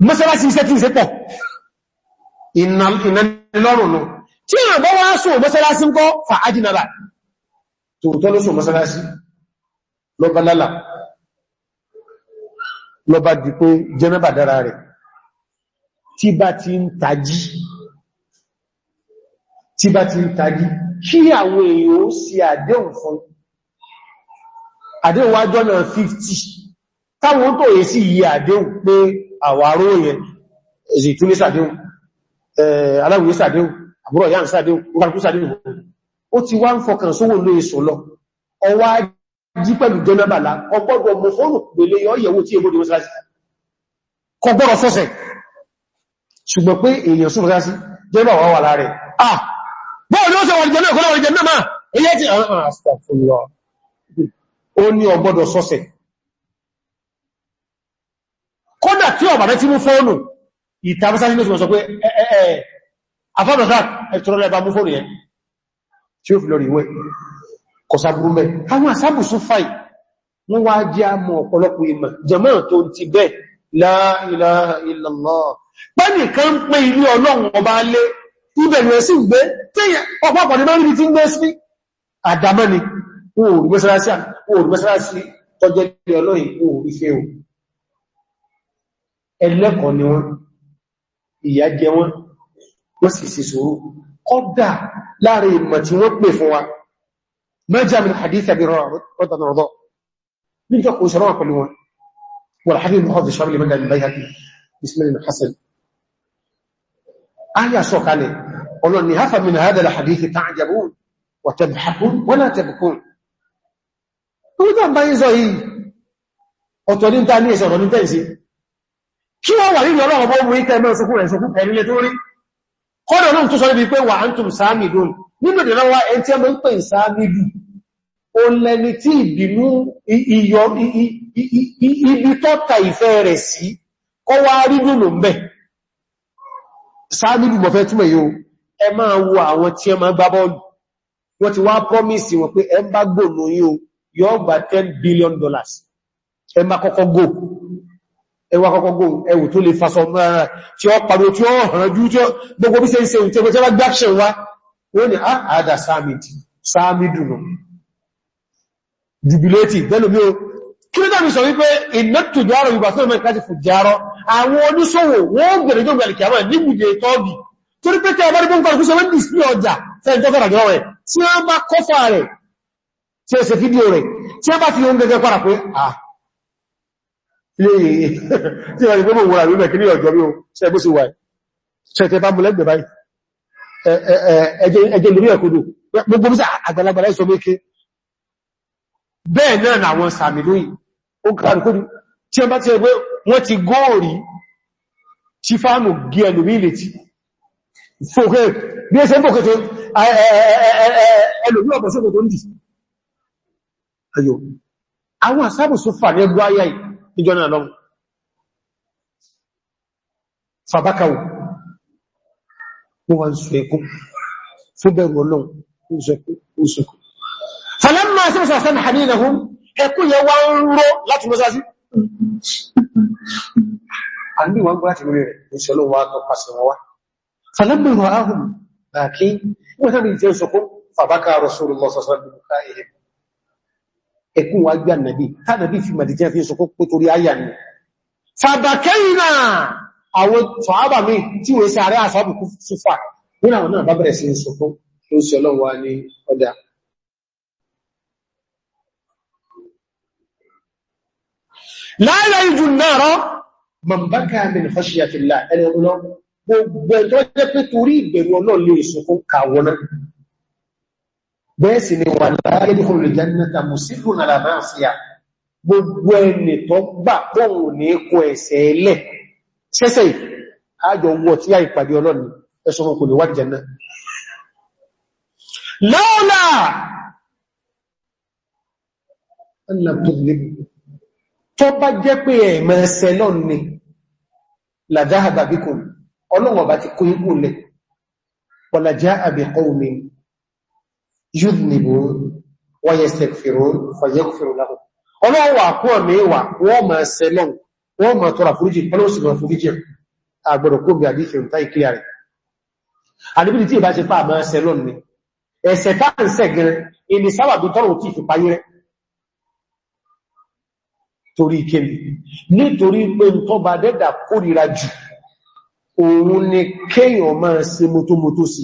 masalasi iṣẹ́ tí ìṣẹ́ pọ̀ ìnàlọ́rùn lọ tí ìrìn bọ́ wá sùn mọ́sálásí ń kọ́ fà ájínàlá tòótọ́ ló sùn mọ́sálásí lọ́bá lálà lọ́bá di pé jẹ́nàbà dára rẹ̀ tí bá ti ń tají tí bá ti ń tají kí àwọn èèyàn ó sì àdéhùn fún àdéhùn wájọ́ náà 50 táwọn tó yẹ sí iye àdéhùn pé àwárò yẹn èsì Eh, aláwòye sàdéhùn àbúrò ìyá sàdéhùn ọkàlùkù sàdéhùn ó ti wá ń fọkàn sówò ló èso lọ ọwá jí pẹ̀lú jẹ́nàbàlá ọgbọ́dọ̀ mọ̀fóòrùn pèlè ọyẹ̀wò tí èbò dìmọ́sílásí kọgbọ́rọ̀ sọ́sẹ̀ ṣùgbọ́n pé èèyàn súnmọ́sílásí jẹ́nà wà wà láàrẹ̀ ah bọ́ọ̀ ni ó sẹ́wọ̀n ìjẹ́nà ìkọ́lọ̀wọ̀ ìjẹ́nà máa ilé ti àwọn àstàfúnlọ ó ní ọgbọ́dọ̀ sọ́sẹ̀ kódà tí ọ̀bàrẹ́ ti mú fóònù ìtàbásá nínú ìsìnkú sọ pé ẹ̀ẹ̀ afọ́bọ̀sá ẹ̀tọ́rọlẹ̀ bá mú fóònù yẹn tí ó fi lọ rí ìwé kọsàbúrú mẹ́ àwọn àsábùsù fàì wọ́n wá jẹ́ àmọ́ ọ̀pọ̀lọpọ̀ ìmọ̀ jẹ́mọ́ tó ti bẹ́ la ilaha illallah pẹ́nì kan pé ilé ọlọ́run ọba lé ibẹ̀rù ẹ̀ sí gbé tẹ́yẹ ọ̀pọ̀pọ̀ ní mẹ́rin ti ń gbé sí àdámẹ́ni oòrùn mẹ́sàrásí tọ́jẹ́ ilé ọlọ́run oòrùn ìfẹ́ ẹlẹ́kọ̀ọ́ ni wọ́n ìyà jẹ wọ́n wọ́n sì sì sòrò kọ́dà láàrin ìmọ̀ tí wọ́n pè fún wa mẹ́jà min hadith àbí rọ́dọ̀rọ̀dọ̀ ní ìjọ kò sọ́rọ̀ pẹ̀lú wọn wọ́n hadith mọ́kànlá sọ́rọ̀ mẹ́jà min bayhaqi bismillah hasan aya sọ̀kalẹ̀ ọlọ́ni hafa min hada la hadith ta'jabun wa tabhahun wa la tabkun tó dá báyìí sọ yìí ọ̀tọ̀ ní ta ní ẹ̀sẹ̀ ọ̀tọ̀ ní tẹ́ǹsì kí wọ́n wà nílùú ọlọ́run bó wí tẹ́mẹ́ òsìnkú rẹ̀ sókú ẹ̀rílẹ̀ tó rí kọ́dọ̀ náà tó sọ níbi pé wà ń tùm sáàmì dùn nínú ìdínáwà ẹn tí a mọ́ ń pè sáàmì dùn o lẹni tí ìbínú ibi tọ́ta ìfẹ́ rẹ̀ sí kọ́ wá rí dùnù mẹ́ sáàmì dùn mọ̀fẹ́ túnmẹ̀ yóò ẹ máa wo àwọn tí ẹ máa gbá bọ́ọ̀lù wọ́n ti wá promise wọn pé ẹ bá gbò lóyún yóò gba 10 billion dollars ẹ máa kọ́kọ́ go ẹwà kọ́kọ́ góòm ẹwù tó lè fasọ mọ́ra tí ó pàdó tí ó hàn jú tí ó gbogbo bí sẹ́yìn sẹ́yìn tí ó tẹ́lá gbáṣẹ̀ wá wọ́n ni àádà ah, sáàmìtì sáàmìdùnà jubilétì bẹ́lùmí o kí ló dámi sọ wípé iná tùjárọ̀ yorùbá tó mẹ́rin láti fùjárọ̀ àwọn oníṣòwò wọ́n gbẹ̀rẹ̀ tó gbẹ̀rẹ̀ kìámà nígbùdé tọ́ọ̀gì torí pé tẹ́ẹ̀ bá rí pọ́nkọ́ ìkúsọ wọ́n dìsí fídíò rẹ̀ tí wọ́n bá fi oúnjẹ gẹ́gẹ́ pàrà léyìn tí wọ́n ni gbogbo wọ́n àwọn ìbẹ̀kì ní ọjọ́ bí o ṣe bó sì wà ṣẹ̀tẹ̀ bá múlẹ̀gbẹ̀ báyìí ẹjẹ́ lórí ẹ̀kúdù gbogbo bí àgbàlagbàlá ìsọ méke bẹ́ẹ̀ náà àwọn sàmì lóyìn ó kàrùkúdù tí wọ́n bá ti ẹgbẹ́ wọ́n ti góòrí tí fáàmù gí ẹnu bí ilẹ̀ tí fòkè bí ẹsẹ̀ fòkè tó ẹlòmí ọ̀pọ̀ sókò tó ń dì àwọn àsábùsù fà ní ẹgbẹ́ ayáyìí níjọ́ náà lọ́wọ́ fàbákàwò wọ́n wá ń sọ ẹkún fún bẹ̀rù ọlọ́run fàlẹ́mà símọ̀sá sẹ́mà hàníyàn ẹkún yẹ wá ń ró láti mọ́sá sí àní wọ́n gbá láti rí rẹ̀ ìṣẹ́lú wa tó pàṣẹ wọn wá fàlẹ́mà rọ̀ áhùn bàkí wọ́n tán ẹkùn wa gbà nàbí tánàbí fi màdìjẹ́ fi sọkó pé torí ayà ni fàbàkẹ́yìnà àwọn fàábà mi tí wọ́n sí ààrẹ àṣàbù kú súfà nínú àwọn náà bá bẹ̀rẹ̀ sí sọkó tó sí ọlọ́wà ní ọdá láàrẹ ìjù náà mọ̀mbákà bẹ́ẹ̀ sì ni wà láyé ní kòrò lè jẹ́nàta mùsílù nàrà máa sí à gbogbo ẹni tó gbà pọ̀wò ní kò ẹ̀sẹ̀ ẹlẹ̀ ṣẹ́sẹ̀ àjọ wọ tí a ìpàdé ọlọ́ni ẹsọ kò lè wà jẹ́nà lọ́ọ̀lá tó bá jẹ́ pé yúdnìbòn wọ́n yẹ sẹ̀kfìrún fọ̀yẹ́kfìrún láhùn ọlọ́wọ́ àkúọ̀ mẹ́wàá ma sẹ́lọ́n wọ́n ma tọ́ra fúrújì pọ́lọ́sìmọ̀ fúrújì àgbọ̀dọ̀ kó bí àdífẹ̀rún táì kílẹ̀ rẹ̀ àdíbìlì tí ìbá ṣe pàà máa sẹ́lọ́n ni ẹ̀sẹ̀ táàǹsẹ̀ gan ilẹ̀ sábàbí tọ́rọ̀ tí ìfipayé rẹ̀ torí kéli nítorí pé ń tọ́ba dẹ́dà kórìíra jù òun ni kéèyàn máa ṣe mọ́tómọ́tó sí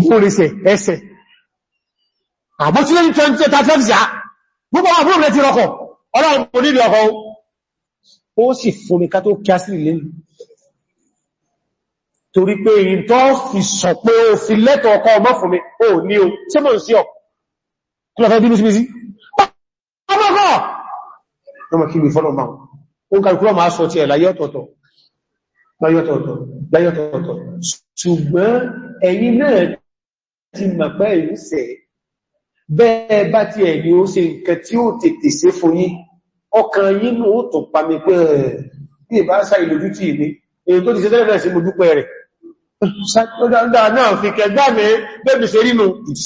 múrìsẹ̀ ẹsẹ̀ àbótílẹ̀ 2030 gbogbo àwọn àbúrò rẹ̀ ti rọkọ̀ ọlọ́run kò nílò ọkọ̀ ó sì fún ká tó kíá sí ilé torí pé èyí tó fi sọ pé ó fi lẹ́tọ̀ ọkọ̀ ọmọ fún mi ó ní o tí mọ̀ sí ọ kí lọ fẹ́ bínú sí mi sí ọmọ kí ìfọ́nà máa ó ń kàrùkúrọ̀ máa sọ ti ẹ̀ láyé ọ̀tọ̀ọ̀tọ̀ láyé ọ̀tọ̀ọ̀tọ̀ ṣùgbọ́n ẹ̀yin náà ti mọ̀ pé ìlú sẹ̀ bẹ́ẹ̀ bá ti ẹ̀mí ó ṣe nǹkan tí ó tètè ṣe fún yín ọkàn yínú ó tó pàmì pé bí ìbá sá ìlójú tí ìní èyí tó ti ṣe tẹ́lẹ̀ sí mojúpẹ́ rẹ̀ náà fi kẹgbà mẹ́ bẹ́bì ṣe rínú ìtì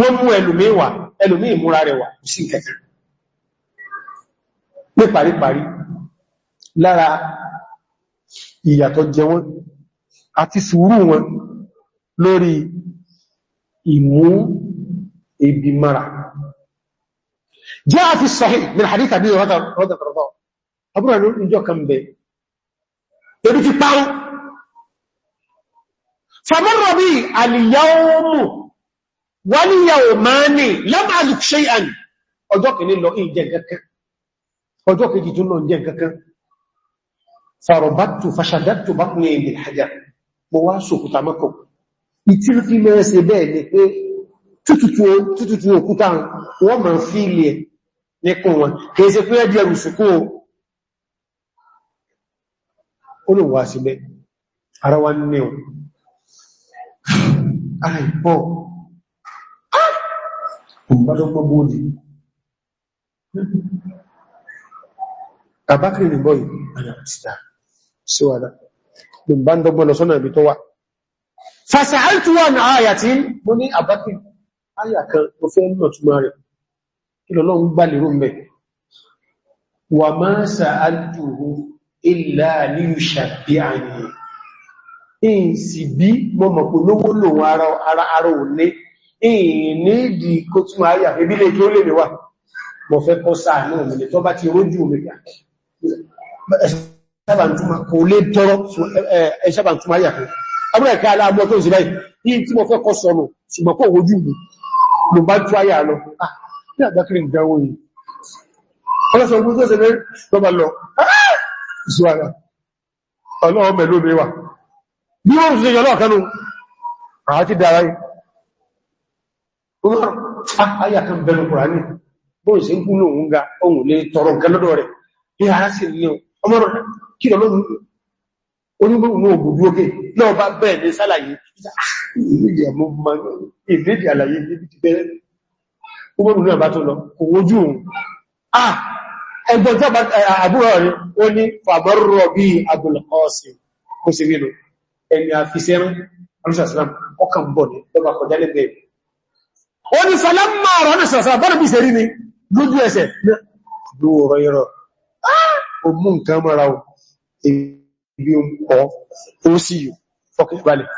wọ́n mú ẹlùmí wà ẹlùmí ìmúra rẹ̀ wà sí kẹta ní paríparí lára ìyàtọ̀ jẹ wọn àti sùúrù wọn lórí ìmú ebi mara jẹ́ àfi sahih min hadith àbí rọ́dọ̀rọ̀dọ̀ abúrò ní ìjọ wọ́n ní yà ò máa ní lábàá lù ṣe àní ọjọ́ kìíní lọ ìjẹ kankan ọjọ́ kejì tún lọ ìjẹ kankan fàrọ̀bátù fàṣàdátù bá kún èmì àjá mọ́ wá sókúta mọ́kọ̀ ìtí fi mẹ́rẹ́ se bẹ́ẹ̀ ni pé tútùtù òkúta bado mabudi abakiri ni boy anamtida si wala bin bando gbọ́n lọ sọ́nà ibi an ayatin mo ní aya kan mo fẹ́ mọ̀ túmọ̀ rẹ̀ kí lọ lọ́n gbà wa ma sa'altuhu illa li yushabbi'ani in si bi mo mọ̀ pé lówó lòun ara ara ò ní ìníìdì kó túnmà ayà ebí lè kí ó lè lè wà mọ̀ fẹ́ kọ́ sáà náà mẹ́lẹ̀ tó bá ti rójú omega ẹ̀ṣàbàntúmà kò lè tọ́rọ ẹ̀ṣàbàntúmà ayà kan abúrẹ̀ ẹ̀ká aláàbọ̀ tó ìsìnlẹ̀ yìí tí mo fẹ́ kọ́ sọnù ṣùgbọ́n kò rójú mi ló bá tú ayà lọ ah, ní àgbákiri ìdánwò yìí ọlọ́sọ̀ ogun tó ṣẹlẹ̀ tó bá lọ ah! ìṣúwàrà ọlọ́ọ̀mẹ̀ ló mẹ́wàá bí wọ́n ń ṣe yọ lọ́ọ̀kanú àti dára yìí umar ayà kan bẹnu kùránì bóò sí ń kú ní òun ga ohun lè tọrọ nǹkan lọ́dọ̀ rẹ̀ ní ara sí ilé ọmọ rẹ̀ kí lọ lórí onígbòhùn náà gbogbo oge náà bá bẹ́ẹ̀ ní sálàyé ìlédì àlàyé ah ẹgbọ́n tó àbúrò rẹ̀ ó ní fàmọ́rọ̀ bí Abul Qasim kó sí rí lọ ẹni àfisẹ́rán alúsàsílám ọkàn bọ̀ ní lọ́bàkọ̀jálẹ́gbẹ̀ẹ́ ó ní falamma ọ̀rọ̀ ní sọ̀sọ̀ bọ́nà bí sẹ́rí ni lójú ẹsẹ̀ lóòrọ̀ ìrọ̀ o ah! mú nǹkan mara o ibi ọ̀ ó sì fọ́kẹ́ balẹ̀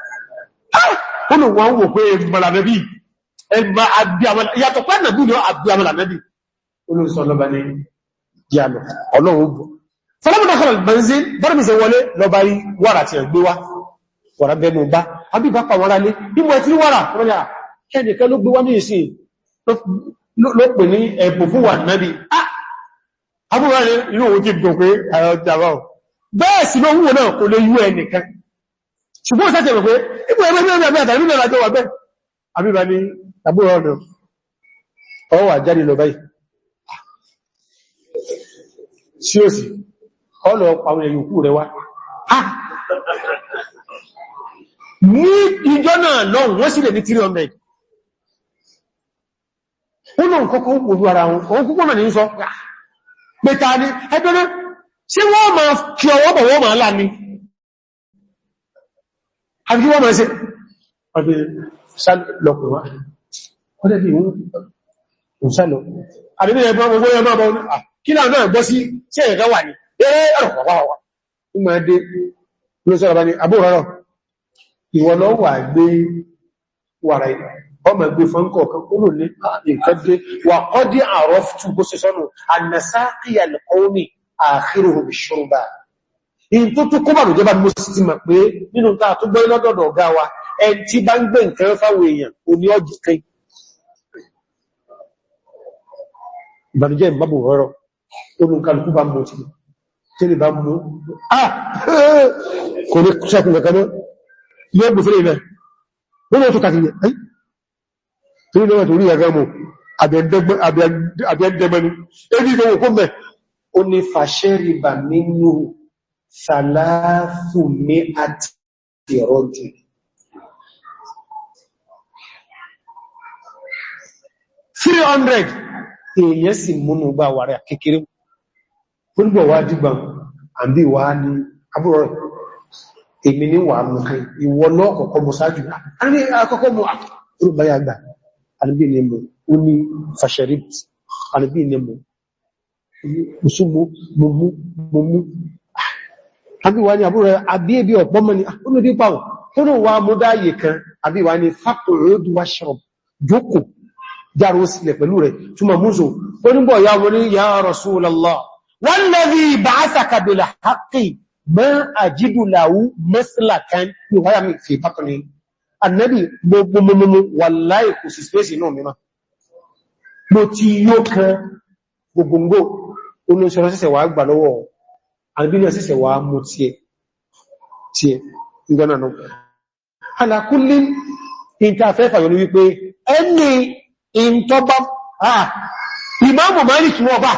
ah! ó lò wọ́n wò pé mọ̀lànàbí ẹgbà yàtọ̀ pẹ́ nàbí ni ó àbí amọ̀lànàbí olóòsọ̀lọ́bà ní yàlọ̀ ọlọ́run bọ̀ fọ́lọ́mọ̀dá kọ̀rọ̀ bẹ̀rẹ̀ bọ́rẹ̀ mìí wọlé lọ́bàá rí wàrà tí ẹ̀ gbé wá wàrà bẹnu bá abíbá pàwọ́rá lé bí mọ̀ ẹ̀ tí wàrà rọ́yà ẹnìkan ló gbé wá ní ìsìn ló pè ní ẹ̀bù fún wà náàbí ah! àbúrà ní inú òun ti gùn pé ààrẹ ọjàwà ọ̀ bẹ́ẹ̀ sí ló wúwo náà kò lè yú ẹnìkan ṣùgbọ́n sẹ́tẹ̀ rẹ̀ pé ipò ẹgbẹ́ ní ìjọ náà lọ́wọ́ sílẹ̀ ní 300 wọ́n kọ́kọ́ ojú ara wọn òun púpọ̀ mẹ́ ní sọ pẹ̀ta ní ẹgbẹ́rẹ́ sí wọ́n ma kí ọwọ́ bọ̀ wọ́n ma lá ní àbí wọ́n ma ṣe ọdí sálọ̀pẹ̀wá ọdẹ́ bí ọmọ ẹgbẹ́ fọ́nkọ̀ kan kúrò ní ìkẹ́dé wà kọ́ dí àrọ́fútù bó ṣe sọ́nà ànàsáàkìyà lẹ́kọ́ọ́mì àkíròhò ìṣòrùbà in tó tó kọ́bà ló jẹ́ bá mú sí ti mọ̀ pé nínú tàà tó gbọ́ lọ́dọ̀dọ̀ ọ̀gá wa ẹn tí bá ń gbé nǹkan fáwọn èèyàn ò ní ọjì kan ìbànújẹ́ ìbábò rọ́rọ̀ olùkàlùkù mú ah! ní sẹ́kùn kankan mọ́ yóò torí lọ́wọ́ torí ẹ̀gá mú àbẹ̀ẹ́dẹ́gbẹ́nu ebi ìgbẹ̀wò kó mẹ́ ó ní fàṣẹ́rìbà nínú sàlááfùmí àti ìrọ́jù three hundred èèyàn sì múnú gbà wà rẹ̀ kékeré gbogbo wá dìgbà àbí wà ní àbúrò rẹ̀ èmi ní wà mú kí ìwọ lọ́kọ̀ọ́kọ́ mú sáájú anabi ni mu ó ní fasharit anabi ni mu musumu mumu mumu anabi wa ni àbúrò àbí ebi ọ̀pọ̀ mọ́ ni olóbi pàwọ̀ tó ní wa mú dáyé kan àbí wa ni fàkùrù wa ṣọ́b jókò járó sílẹ̀ pẹ̀lú rẹ̀ túnmọ̀ múzò ó ní bọ̀ ya wọn ni ya Rasulullah wallazi ba'athaka bil haqqi ma ajidu lahu maslakan ní wáyàmí fi bákanin annabi gbogbo mọ́mọ́mọ́ wàláì kò sí space náà mímá mo ti yóò kan gbogbogbo olóṣọ́rọ̀ síṣẹ̀ wà gbà lọ́wọ́ àbílẹ̀ síṣẹ̀ wà mú tí ẹ tí ẹ ìgbọ́nà náà alákúlé ìntàfẹ́fà yọ ní wípé ẹni ìntọ́bá ìmáàmù Málíkì wọ́n bá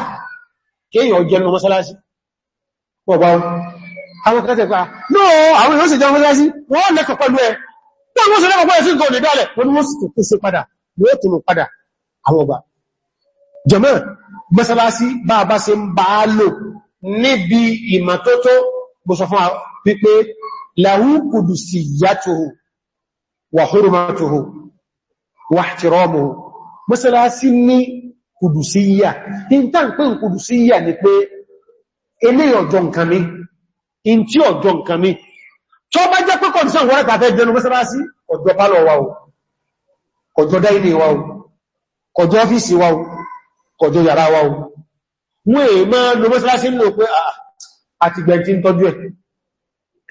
kéèyàn jẹ́ ọmọ mọ́sálásí wọ́n bá wọn àwọn kẹta wọ́n wọ́n sọ lẹ́gbọ́n pẹ́lẹ̀ sí ìkọ̀ lè dálẹ̀ wọ́n wọ́n sì tó kú sí padà yóò tó lò padà àwọn ọgbà jẹ́mọ́ mẹ́sàlásí bá bá ṣe ń bá lò níbi ìmọ̀tótó ni pé eléyìí ọjọ́ nǹkan mi, ìn tí ọjọ́ nǹkan mi tó bá pé kọ̀díṣàn wọ́n tàfẹ́ dẹnu mọ́sánásí ọjọ́ pálọ̀ wa o ọjọ́ dáìlé wa o ọjọ́ ọ́fíìsì wa o ọjọ́ yàrá wa o wọ́n èé mọ́ lọ mọ́sánásí lò pé àti ah, ah, gbẹ̀ntí ń tọ́jú ẹ̀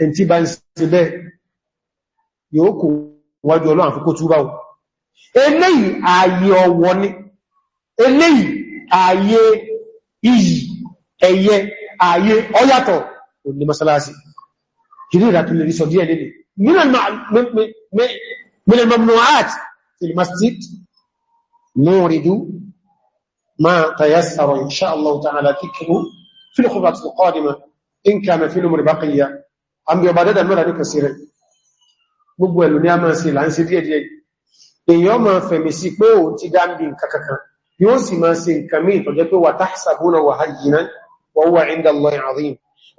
ẹn tí bá ń ṣe bẹ́ẹ̀ yóò kò wájú ọlọ́run fún kó túbá o eléyìí ni kìrí ìrà tó lè rí sọ díẹ̀ nílé من المع... من... من... من الممنوعات في المسجد نورد ما تيسر إن شاء الله تعالى ذكره في الخطبات القادمة إن كان في الأمر بقية عم يبادد المرأة كثيرا gbogbo ẹ̀lú ní a máa ṣe láńsí díẹ̀díẹ̀ èyàn máa fẹ̀mì sí pé ò ti dá ń bí nǹkan kankan yóò sì máa ṣe nǹkan mí ìtọ̀jẹ́ pé wà tahsabuna wà hayyinan wa huwa 'inda Allahi 'azim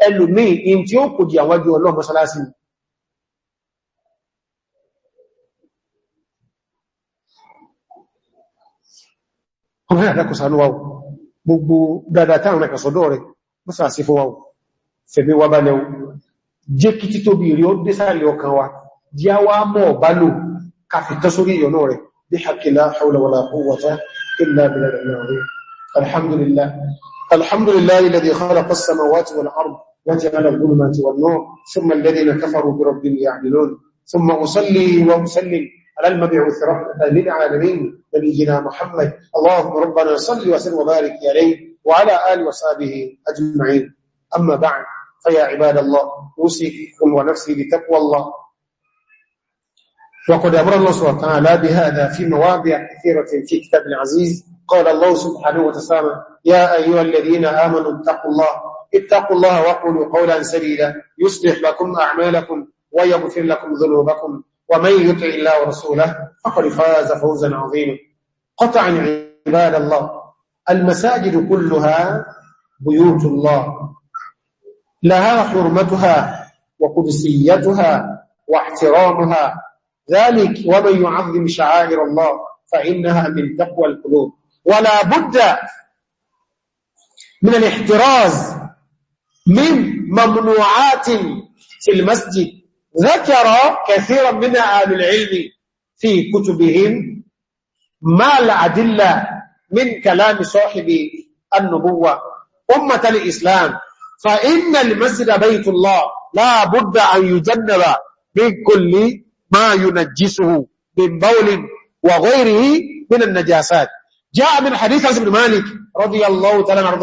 ẹlùmí in tí ó kò di àwájú ọlọ́ mọ́sálásí ọmọ àdákùsánú wa gbogbo dáadáa rẹ̀ kàsọ̀dọ̀ rẹ̀ mọ́sà sí fún wa fẹ̀mí wa bá lẹ́wọ́ jẹ́ kí tító bí rí ó dé sáàrí ọkàn wa jẹ́ wá mọ́ bá lò káfí tán sórí ìyọnú rẹ̀ bí hakila haula wala quwwata وجعل الظلمات والنور ثم الذين كفروا بربهم يعدلون ثم أصلي وأسلم المبعوث رحمة للعالمين نبينا محمد اللهم ربنا صل وسلم وبارك عليه وعلى آله وصحبه أجمعين أما بعد فيا عباد الله أوصيكم ونفسي بتقوى الله وقد أمر الله سبحانه وتعالى بهذا في مواضع كثيرة في كتاب العزيز قال الله سبحانه وتعالى يا أيها الذين آمنوا اتقوا الله اتقوا الله وقولوا قولا سليلا يصلح لكم أعمالكم ويغفر لكم ذنوبكم ومن يطع الله ورسوله فقد فاز فوزا عظيما قطعا عباد الله المساجد كلها بيوت الله لها حرمتها وقدسيتها واحترامها ذلك ومن يعظم شعائر الله فإنها من تقوى القلوب ولا بد من الاحتراز من ممنوعات في المسجد ذكر كثيرا من أهل العلم في كتبهم ما الأدلة من كلام صاحب النبوة أمة الإسلام فإن المسجد بيت الله لا بد أن يجنب من كل ما ينجسه من بول وغيره من النجاسات جاء من حديث عز بن مالك رضي الله تعالى عنه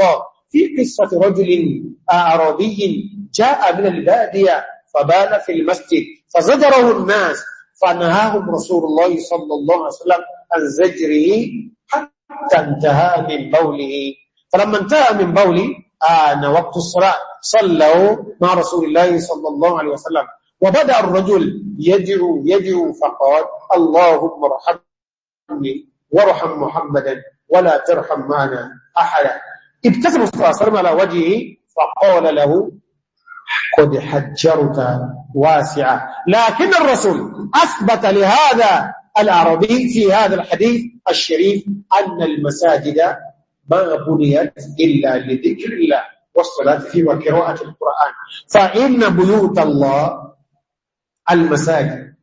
في قصة رجل أعرابي جاء من البادية فبال في المسجد فزجره الناس فنهاهم رسول الله صلى الله عليه وسلم عن زجره حتى انتهى من بوله فلما انتهى من بوله آن وقت الصلاة صلوا مع رسول الله صلى الله عليه وسلم وبدأ الرجل يجر يجر فقال اللهم ارحمني وارحم محمدا ولا ترحم معنا أحدا ابتسم صلى الله عليه وسلم على وجهه فقال له قد حجرت واسعة لكن الرسول أثبت لهذا العربي في هذا الحديث الشريف أن المساجد ما بنيت إلا لذكر الله والصلاة فيه وقراءة القرآن فإن بيوت الله المساجد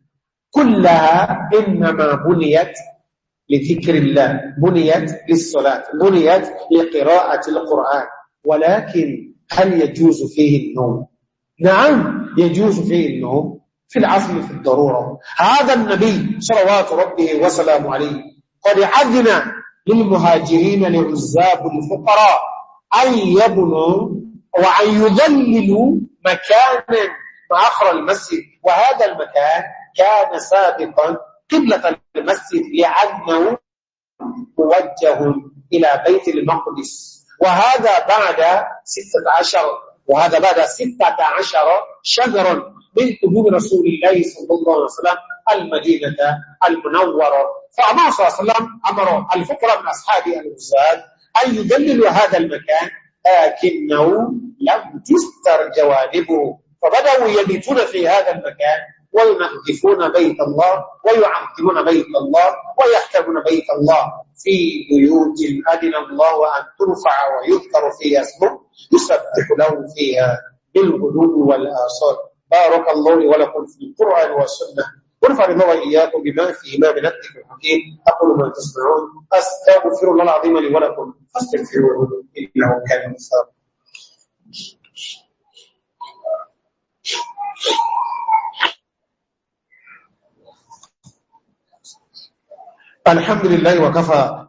كلها إنما بنيت لذكر الله بنيت للصلاة بنيت لقراءة القرآن ولكن هل يجوز فيه النوم نعم يجوز انه في العزم في الضرورة هذا النبي صلوات ربه وسلام عليه قد عدنا للمهاجرين لعزاب الفقراء أن يبنوا وأن يظللوا مكانا اخر المسجد وهذا المكان كان سابقا قبلة المسجد لأنه موجه إلى بيت المقدس وهذا بعد 16 وهذا بعد ستة عشر شهرا من قدوم رسول الله صلى الله عليه وسلم المدينة المنورة فأمر صلى الله عليه وسلم أمر الفقراء من أصحاب الوزاد أن يدللوا هذا المكان لكنه لم تستر جوانبه فبدأوا يبيتون في هذا المكان وينظفون بيت الله ويعظمون بيت الله ويحتبون بيت الله في بيوت أذن الله أن ترفع ويذكر فيها اسمه يسبح له فيها بالغلو والآصال بارك الله لي ولكم في القرآن والسنة ونفعل الله وإياكم بما فيه من الذكر الحكيم أقول ما تسمعون أستغفر الله العظيم لي ولكم فاستغفروه إنه كان مصاب Thank you. الحمد لله وكفى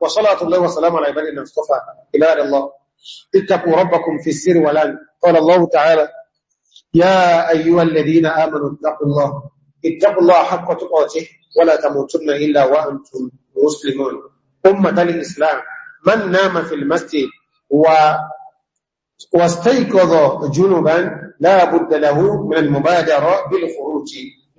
وصلاة الله وسلام على عباد الله اصطفى إلى الله اتقوا ربكم في السر والآن قال الله تعالى يا أيها الذين آمنوا اتقوا الله اتقوا الله حق تقاته ولا تموتن إلا وأنتم مسلمون أمة الإسلام من نام في المسجد و... واستيقظ جنوبا لا بد له من المبادرة بالخروج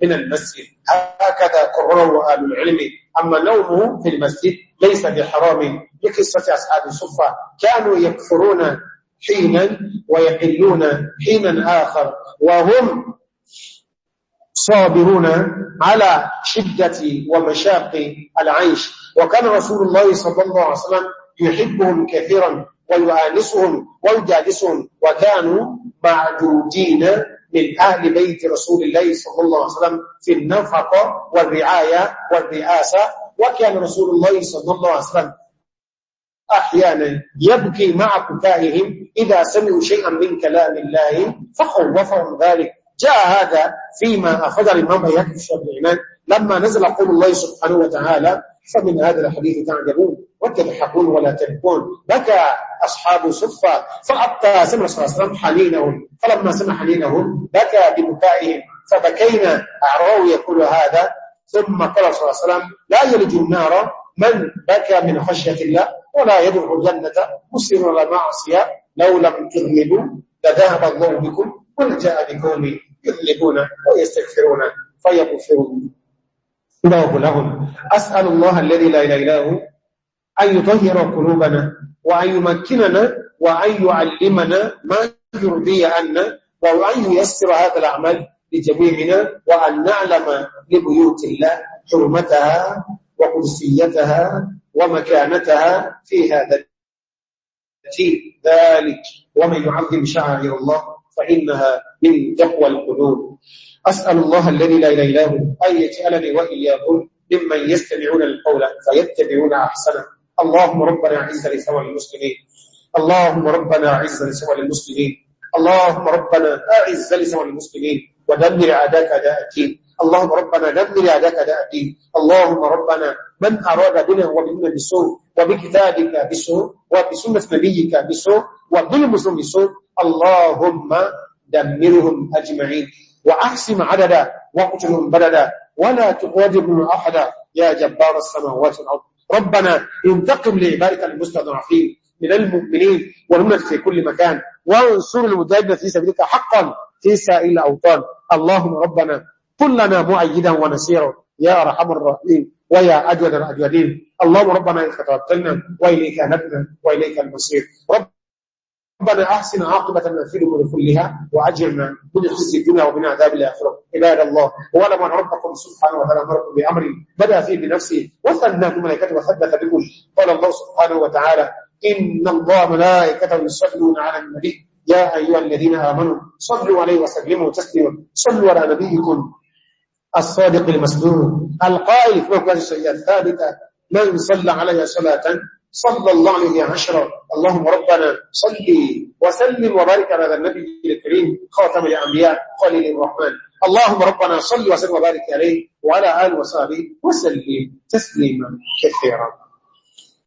من المسجد هكذا قرروا أهل العلم أما لومهم في المسجد ليس بحرام لقصة أصحاب الصفة كانوا يكفرون حينا ويقلون حينا آخر وهم صابرون على شدة ومشاق العيش وكان رسول الله صلى الله عليه وسلم يحبهم كثيرا ويؤانسهم ويجالسهم وكانوا معدودين من أهل بيت رسول الله صلى الله عليه وسلم في النفقة والرعاية والرئاسة وكان رسول الله صلى الله عليه وسلم أحيانا يبكي مع بكائهم إذا سمعوا شيئا من كلام الله فخوفهم ذلك جاء هذا فيما أخذ الإمام بيات الشافعي لما نزل قول الله سبحانه وتعالى فمن هذا الحديث تعجبون وتضحكون ولا تبكون بكى أصحاب صفة فأبقى سمع صلى الله عليه وسلم حنينهم فلما سمع حنينهم بكى ببكائهم فبكينا أعراه يقول هذا ثم قال صلى الله عليه وسلم لا يلج النار من بكى من خشية الله ولا يدعو الجنة مسلم ولا معصية لو لم تذنبوا لذهب الله بكم ولجاء بكم يذنبون ويستغفرون فيغفرون الله لهم أسأل الله الذي لا إله إلا هو أن يطهر قلوبنا وأن يمكننا وأن يعلمنا ما يرضي عنا وأن ييسر هذا العمل لجميعنا وأن نعلم لبيوت الله حرمتها وقدسيتها ومكانتها في هذا في ذلك ومن يعظم شعائر الله فإنها من تقوى القلوب أسأل الله الذي لا إله إلا هو أن يجعلني وإياكم ممن يستمعون القول فيتبعون أحسنه اللهم ربنا أعز لسوى المسلمين اللهم ربنا أعز لسوى المسلمين اللهم ربنا أعز لسوى المسلمين ودمر عداك أداء الدين اللهم ربنا دمر عداك أداء الدين اللهم ربنا من أراد بنا وبنا بسوء وبكتابك بسوء وبسنة نبيك بسوء وبالمسلم بسوء اللهم دمرهم أجمعين وأحسم عددا واقتل بددا ولا تغادر من أحدا يا جبار السماوات والأرض ربنا انتقم لعبادك المستضعفين من المؤمنين والمؤمنات في كل مكان وانصر المجاهدين في سبيلك حقا في سائل الأوطان اللهم ربنا لنا مؤيدا ونسيرا يا أرحم الراحمين ويا أجود الأجودين اللهم ربنا إليك توكلنا وإليك نبنا وإليك المصير رب ربنا أحسن عاقبة في الأمور كلها وأجرنا من خزي الدنيا ومن عذاب الآخرة عباد الله ولم أن ربكم سبحانه وتعالى أمركم بأمر بدأ فيه بنفسه وثناه ملائكته وثبت بكم قال الله سبحانه وتعالى إن الله ملائكته يصلون على النبي يا أيها الذين آمنوا صلوا عليه وسلموا تسليما صلوا على نبيكم الصادق المسلوم القائل في مكان الشيء الثابتة من صلى عليها صلاة صلى الله عليه عشر اللهم ربنا صلي وسلم وبارك على النبي الكريم خاتم الأنبياء خليل الرحمن اللهم ربنا صلي وسلم وبارك عليه وعلى آل وصحبه وسلم تسليما كثيرا